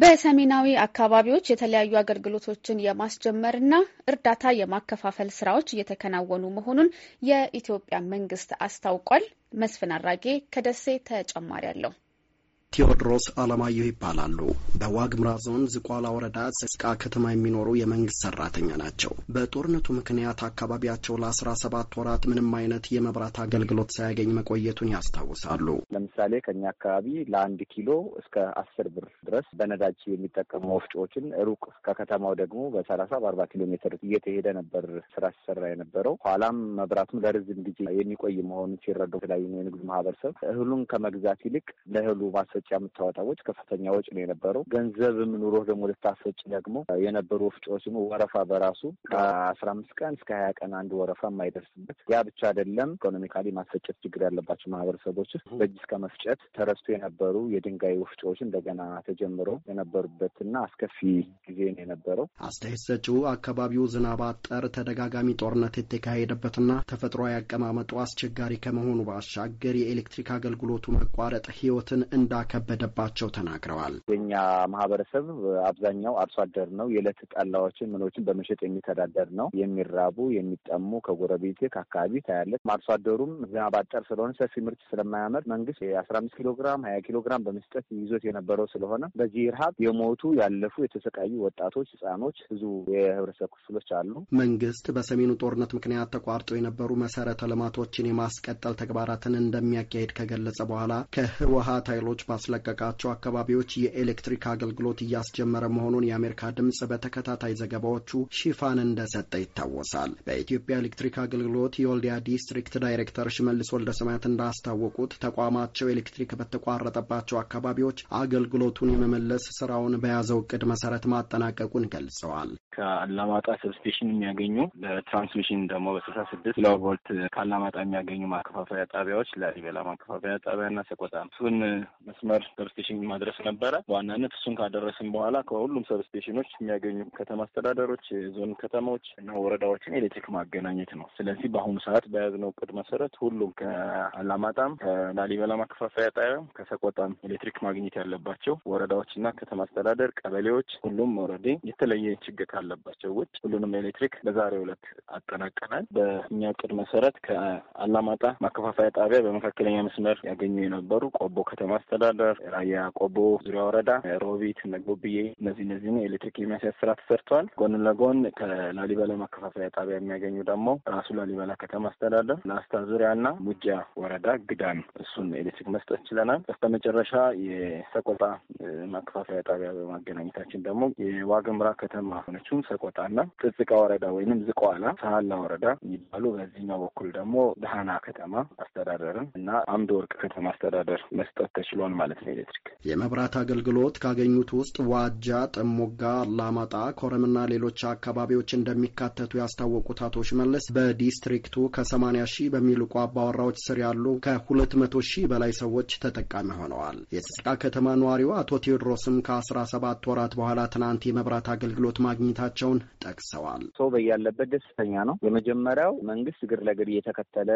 በሰሜናዊ አካባቢዎች የተለያዩ አገልግሎቶችን የማስጀመርና እርዳታ የማከፋፈል ስራዎች እየተከናወኑ መሆኑን የኢትዮጵያ መንግስት አስታውቋል። መስፍን አራጌ ከደሴ ተጨማሪ አለው። ቴዎድሮስ አለማየሁ ይባላሉ። በዋግምራ ዞን ዝቋላ ወረዳ ሰስቃ ከተማ የሚኖሩ የመንግስት ሰራተኛ ናቸው። በጦርነቱ ምክንያት አካባቢያቸው ለ ሰባት ወራት ምንም አይነት የመብራት አገልግሎት ሳያገኝ መቆየቱን ያስታውሳሉ። ለምሳሌ ከኛ አካባቢ ለአንድ ኪሎ እስከ አስር ብር ድረስ በነዳጅ የሚጠቀሙ ወፍጮዎችን ሩቅ ከከተማው ደግሞ በሰላሳ በአርባ ኪሎ ሜትር እየተሄደ ነበር ስራ ሲሰራ የነበረው። ኋላም መብራቱም ለረጅም ጊዜ የሚቆይ መሆኑን ሲረዱ የተለያዩ የንግዱ ማህበረሰብ እህሉን ከመግዛት ይልቅ ለእህሉ ማሰ ወጪ የምታወጣ ወጪ ከፍተኛ ወጪ ነው የነበረው። ገንዘብም ኑሮ ደግሞ ልታፈጭ ደግሞ የነበሩ ወፍጮዎች ደግሞ ወረፋ በራሱ ከአስራ አምስት ቀን እስከ ሀያ ቀን አንድ ወረፋ የማይደርስበት ያ ብቻ አይደለም። ኢኮኖሚካሊ ማስፈጨት ችግር ያለባቸው ማህበረሰቦች በእጅ እስከ መፍጨት ተረስቶ የነበሩ የድንጋይ ወፍጮዎች እንደገና ተጀምሮ የነበሩበትና አስከፊ ጊዜ ነው የነበረው። አስተያየት ሰጪው አካባቢው ዝናብ አጠር፣ ተደጋጋሚ ጦርነት የተካሄደበትና ተፈጥሯዊ አቀማመጡ አስቸጋሪ ከመሆኑ ባሻገር የኤሌክትሪክ አገልግሎቱ መቋረጥ ህይወትን እንዳከ ከበደባቸው ተናግረዋል። የኛ ማህበረሰብ አብዛኛው አርሶ አደር ነው። የዕለት ጠላዎችን ምኖችን በመሸጥ የሚተዳደር ነው። የሚራቡ የሚጠሙ ከጎረቤት ከአካባቢ ታያለት። አርሶ አደሩም ዝናብ አጠር ስለሆነ ሰፊ ምርት ስለማያመር መንግስት የአስራ አምስት ኪሎ ግራም ሀያ ኪሎ ግራም በመስጠት ይዞት የነበረው ስለሆነ በዚህ ረሀብ የሞቱ ያለፉ የተሰቃዩ ወጣቶች፣ ህጻኖች፣ ብዙ የህብረተሰብ ክፍሎች አሉ። መንግስት በሰሜኑ ጦርነት ምክንያት ተቋርጦ የነበሩ መሰረተ ልማቶችን የማስቀጠል ተግባራትን እንደሚያካሄድ ከገለጸ በኋላ ከህወሀት ኃይሎች በአስራ ባስለቀቃቸው አካባቢዎች የኤሌክትሪክ አገልግሎት እያስጀመረ መሆኑን የአሜሪካ ድምፅ በተከታታይ ዘገባዎቹ ሽፋን እንደሰጠ ይታወሳል። በኢትዮጵያ ኤሌክትሪክ አገልግሎት የወልዲያ ዲስትሪክት ዳይሬክተር ሽመልስ ሰማያት እንዳስታወቁት ተቋማቸው ኤሌክትሪክ በተቋረጠባቸው አካባቢዎች አገልግሎቱን የመመለስ ስራውን በያዘው እቅድ መሰረት ማጠናቀቁን ገልጸዋል። ከአላማጣ ሰብስቴሽን የሚያገኙ ለትራንስሚሽን ደግሞ በስልሳ ስድስት ኪሎቮልት ከአላማጣ የሚያገኙ ማከፋፈያ ጣቢያዎች ላሊበላ ማከፋፈያ ጣቢያና ሰቆጣ እሱን መስመር መስመር ሰብስቴሽን ማድረስ ነበረ። በዋናነት እሱን ካደረስን በኋላ ከሁሉም ሰብስቴሽኖች የሚያገኙ ከተማ አስተዳደሮች፣ የዞን ከተማዎች እና ወረዳዎችን ኤሌክትሪክ ማገናኘት ነው። ስለዚህ በአሁኑ ሰዓት በያዝነው እቅድ መሰረት ሁሉም ከአላማጣም፣ ከላሊበላ ማከፋፈያ ጣቢያም፣ ከሰቆጣም ኤሌክትሪክ ማግኘት ያለባቸው ወረዳዎች ወረዳዎችና ከተማ አስተዳደር ቀበሌዎች ሁሉም ወረዴ የተለየ ችግር ካለባቸው ውጭ ሁሉንም ኤሌክትሪክ በዛሬው ሁለት አጠናቀናል። በእኛ እቅድ መሰረት ከአላማጣ ማከፋፈያ ጣቢያ በመካከለኛ መስመር ያገኙ የነበሩ ቆቦ ከተማ አስተዳደር አስተላለፍ፣ ራያ ቆቦ ዙሪያ ወረዳ፣ ሮቢት፣ መግቦብዬ እነዚህ እነዚህም የኤሌክትሪክ የሚያሳያት ስራ ተሰርተዋል። ጎን ለጎን ከላሊበላ ማከፋፈያ ጣቢያ የሚያገኙ ደግሞ ራሱ ላሊበላ ከተማ አስተዳደር፣ ላስታ ዙሪያና ሙጃ ወረዳ ግዳን እሱን ኤሌክትሪክ መስጠት ችለናል። በስተመጨረሻ የሰቆጣ ማከፋፈያ ጣቢያ በማገናኘታችን ደግሞ የዋግምራ ከተማ ሆነችም ሰቆጣና ጥጽቃ ወረዳ ወይንም ዝቋላ ሳህላ ወረዳ የሚባሉ በዚህኛው በኩል ደግሞ ደሃና ከተማ አስተዳደርን እና አምድ ወርቅ ከተማ አስተዳደር መስጠት ተችሏል ማለት ማለት ነው። ኤሌክትሪክ የመብራት አገልግሎት ካገኙት ውስጥ ዋጃ፣ ጥሞጋ፣ አላማጣ፣ ኮረምና ሌሎች አካባቢዎች እንደሚካተቱ ያስታወቁት አቶ ሽመልስ በዲስትሪክቱ ከ80 ሺህ በሚልቁ አባወራዎች ስር ያሉ ከ200 ሺህ በላይ ሰዎች ተጠቃሚ ሆነዋል። የስቃ ከተማ ነዋሪው አቶ ቴዎድሮስም ከ17 ወራት በኋላ ትናንት የመብራት አገልግሎት ማግኘታቸውን ጠቅሰዋል። ሰው በያለበት ደስተኛ ነው። የመጀመሪያው መንግስት እግር ለእግር እየተከተለ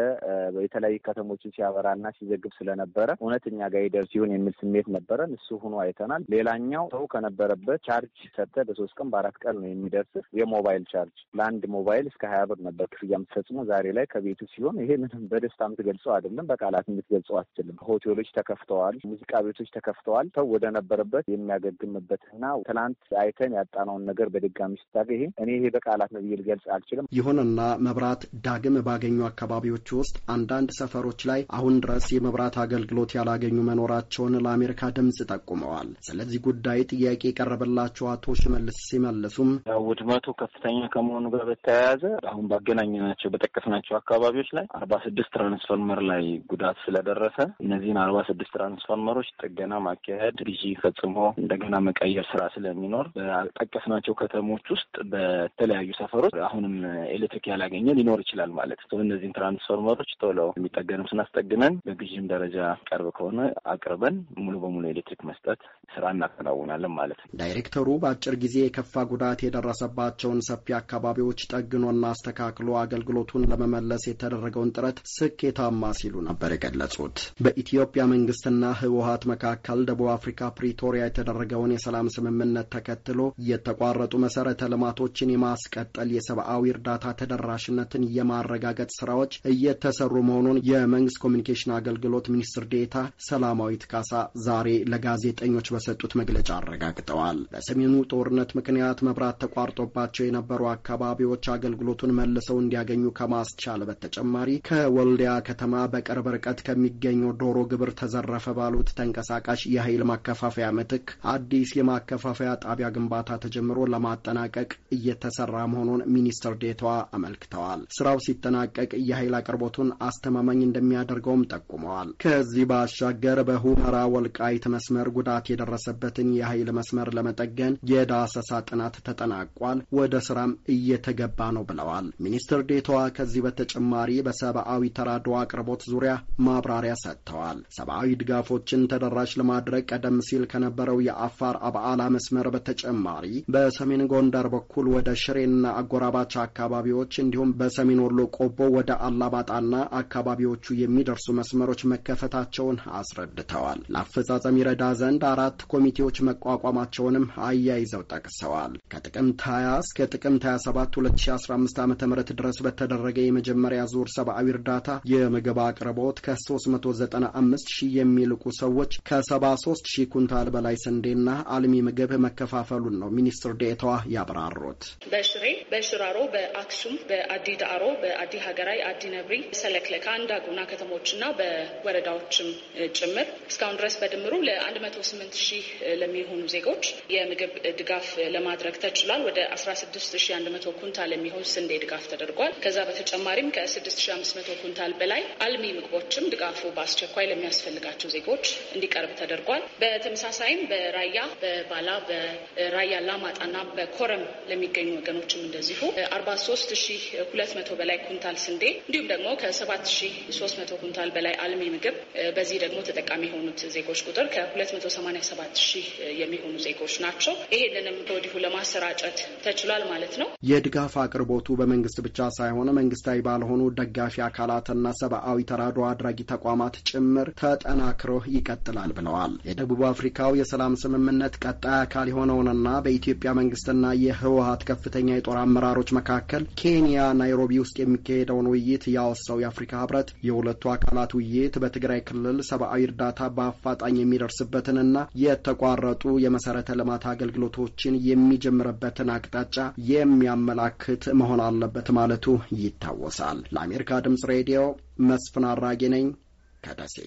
የተለያዩ ከተሞችን ሲያበራና ሲዘግብ ስለነበረ እውነተኛ ጋይደር ሲሆን የሚል ስሜት ነበረን። እሱ ሆኖ አይተናል። ሌላኛው ሰው ከነበረበት ቻርጅ ሰጥተህ በሶስት ቀን በአራት ቀን ነው የሚደርስ የሞባይል ቻርጅ ለአንድ ሞባይል እስከ ሀያ ብር ነበር ክፍያ የምትፈጽሞ ዛሬ ላይ ከቤቱ ሲሆን ይሄ ምንም በደስታ የምትገልጸው አይደለም፣ በቃላት የምትገልጸው አትችልም። ሆቴሎች ተከፍተዋል፣ ሙዚቃ ቤቶች ተከፍተዋል። ሰው ወደ ነበረበት የሚያገግምበትና ትናንት አይተን ያጣነውን ነገር በድጋሚ ስታገኝ ይሄ እኔ ይሄ በቃላት ነው ብዬ ልገልጽ አልችልም። ይሁንና መብራት ዳግም ባገኙ አካባቢዎች ውስጥ አንዳንድ ሰፈሮች ላይ አሁን ድረስ የመብራት አገልግሎት ያላገኙ መኖራቸውን መሆናቸውን ለአሜሪካ ድምፅ ጠቁመዋል። ስለዚህ ጉዳይ ጥያቄ የቀረበላቸው አቶ ሽመልስ ሲመልሱም ውድመቱ ከፍተኛ ከመሆኑ ጋር በተያያዘ አሁን ባገናኘናቸው በጠቀስናቸው አካባቢዎች ላይ አርባ ስድስት ትራንስፎርመር ላይ ጉዳት ስለደረሰ እነዚህን አርባ ስድስት ትራንስፎርመሮች ጥገና ማካሄድ ግዢ ፈጽሞ እንደገና መቀየር ስራ ስለሚኖር በጠቀስናቸው ከተሞች ውስጥ በተለያዩ ሰፈሮች አሁንም ኤሌክትሪክ ያላገኘ ሊኖር ይችላል ማለት ነው። እነዚህን ትራንስፎርመሮች ቶሎ የሚጠገንም ስናስጠግነን በግዥም ደረጃ ቀርብ ከሆነ አቅርበን ሙሉ በሙሉ ኤሌክትሪክ መስጠት ስራ እናከናውናለን ማለት ነው። ዳይሬክተሩ በአጭር ጊዜ የከፋ ጉዳት የደረሰባቸውን ሰፊ አካባቢዎች ጠግኖና አስተካክሎ አገልግሎቱን ለመመለስ የተደረገውን ጥረት ስኬታማ ሲሉ ነበር የገለጹት። በኢትዮጵያ መንግስትና ህወሀት መካከል ደቡብ አፍሪካ ፕሪቶሪያ የተደረገውን የሰላም ስምምነት ተከትሎ የተቋረጡ መሰረተ ልማቶችን የማስቀጠል የሰብአዊ እርዳታ ተደራሽነትን የማረጋገጥ ስራዎች እየተሰሩ መሆኑን የመንግስት ኮሚኒኬሽን አገልግሎት ሚኒስትር ዴታ ሰላማዊት ካሳ ካሳ ዛሬ ለጋዜጠኞች በሰጡት መግለጫ አረጋግጠዋል። በሰሜኑ ጦርነት ምክንያት መብራት ተቋርጦባቸው የነበሩ አካባቢዎች አገልግሎቱን መልሰው እንዲያገኙ ከማስቻል በተጨማሪ ከወልዲያ ከተማ በቅርብ ርቀት ከሚገኘው ዶሮ ግብር ተዘረፈ ባሉት ተንቀሳቃሽ የኃይል ማከፋፈያ ምትክ አዲስ የማከፋፈያ ጣቢያ ግንባታ ተጀምሮ ለማጠናቀቅ እየተሰራ መሆኑን ሚኒስትር ዴታዋ አመልክተዋል። ስራው ሲጠናቀቅ የኃይል አቅርቦቱን አስተማማኝ እንደሚያደርገውም ጠቁመዋል። ከዚህ ባሻገር በሁመራ ወልቃይት መስመር ጉዳት የደረሰበትን የኃይል መስመር ለመጠገን የዳሰሳ ጥናት ተጠናቋል፣ ወደ ስራም እየተገባ ነው ብለዋል ሚኒስትር ዴታዋ። ከዚህ በተጨማሪ በሰብአዊ ተራድኦ አቅርቦት ዙሪያ ማብራሪያ ሰጥተዋል። ሰብአዊ ድጋፎችን ተደራሽ ለማድረግ ቀደም ሲል ከነበረው የአፋር አብዓላ መስመር በተጨማሪ በሰሜን ጎንደር በኩል ወደ ሽሬና አጎራባች አካባቢዎች እንዲሁም በሰሜን ወሎ ቆቦ ወደ አላባጣና አካባቢዎቹ የሚደርሱ መስመሮች መከፈታቸውን አስረድተዋል። ለአፈጻጸም ይረዳ ዘንድ አራት ኮሚቴዎች መቋቋማቸውንም አያይዘው ጠቅሰዋል። ከጥቅምት 20 እስከ ጥቅምት 27 2015 ዓ ም ድረስ በተደረገ የመጀመሪያ ዙር ሰብአዊ እርዳታ የምግብ አቅርቦት ከ395 ሺህ የሚልቁ ሰዎች ከ73 ሺህ ኩንታል በላይ ስንዴና አልሚ ምግብ መከፋፈሉን ነው ሚኒስትር ዴኤታዋ ያብራሩት። በሽሬ፣ በሽራሮ፣ በአክሱም፣ በአዲ ዳሮ፣ በአዲ ሀገራይ፣ አዲ ነብሪ፣ ሰለክለካ፣ እንዳጉና ከተሞችና በወረዳዎችም ጭምር እስካሁን ድረስ በድምሩ ለ108 ሺህ ለሚሆኑ ዜጎች የምግብ ድጋፍ ለማድረግ ተችሏል። ወደ 16100 ኩንታል የሚሆን ስንዴ ድጋፍ ተደርጓል። ከዛ በተጨማሪም ከ6500 ኩንታል በላይ አልሚ ምግቦችም ድጋፉ በአስቸኳይ ለሚያስፈልጋቸው ዜጎች እንዲቀርብ ተደርጓል። በተመሳሳይም በራያ በባላ በራያ ላማጣና በኮረም ለሚገኙ ወገኖችም እንደዚሁ 43200 በላይ ኩንታል ስንዴ እንዲሁም ደግሞ ከ7300 ኩንታል በላይ አልሚ ምግብ በዚህ ደግሞ ተጠቃሚ የሆኑት ዜጎች ቁጥር ከ287 ሺህ የሚሆኑ ዜጎች ናቸው። ይሄንንም ከወዲሁ ለማሰራጨት ተችሏል ማለት ነው። የድጋፍ አቅርቦቱ በመንግስት ብቻ ሳይሆን መንግስታዊ ባልሆኑ ደጋፊ አካላትና ሰብአዊ ተራድኦ አድራጊ ተቋማት ጭምር ተጠናክሮ ይቀጥላል ብለዋል። የደቡብ አፍሪካው የሰላም ስምምነት ቀጣይ አካል የሆነውንና በኢትዮጵያ መንግስትና የህወሀት ከፍተኛ የጦር አመራሮች መካከል ኬንያ ናይሮቢ ውስጥ የሚካሄደውን ውይይት ያወሳው የአፍሪካ ህብረት የሁለቱ አካላት ውይይት በትግራይ ክልል ሰብአዊ እርዳታ በ። በአፋጣኝ የሚደርስበትንና የተቋረጡ የመሰረተ ልማት አገልግሎቶችን የሚጀምርበትን አቅጣጫ የሚያመላክት መሆን አለበት ማለቱ ይታወሳል። ለአሜሪካ ድምጽ ሬዲዮ መስፍን አራጌ ነኝ ከደሴ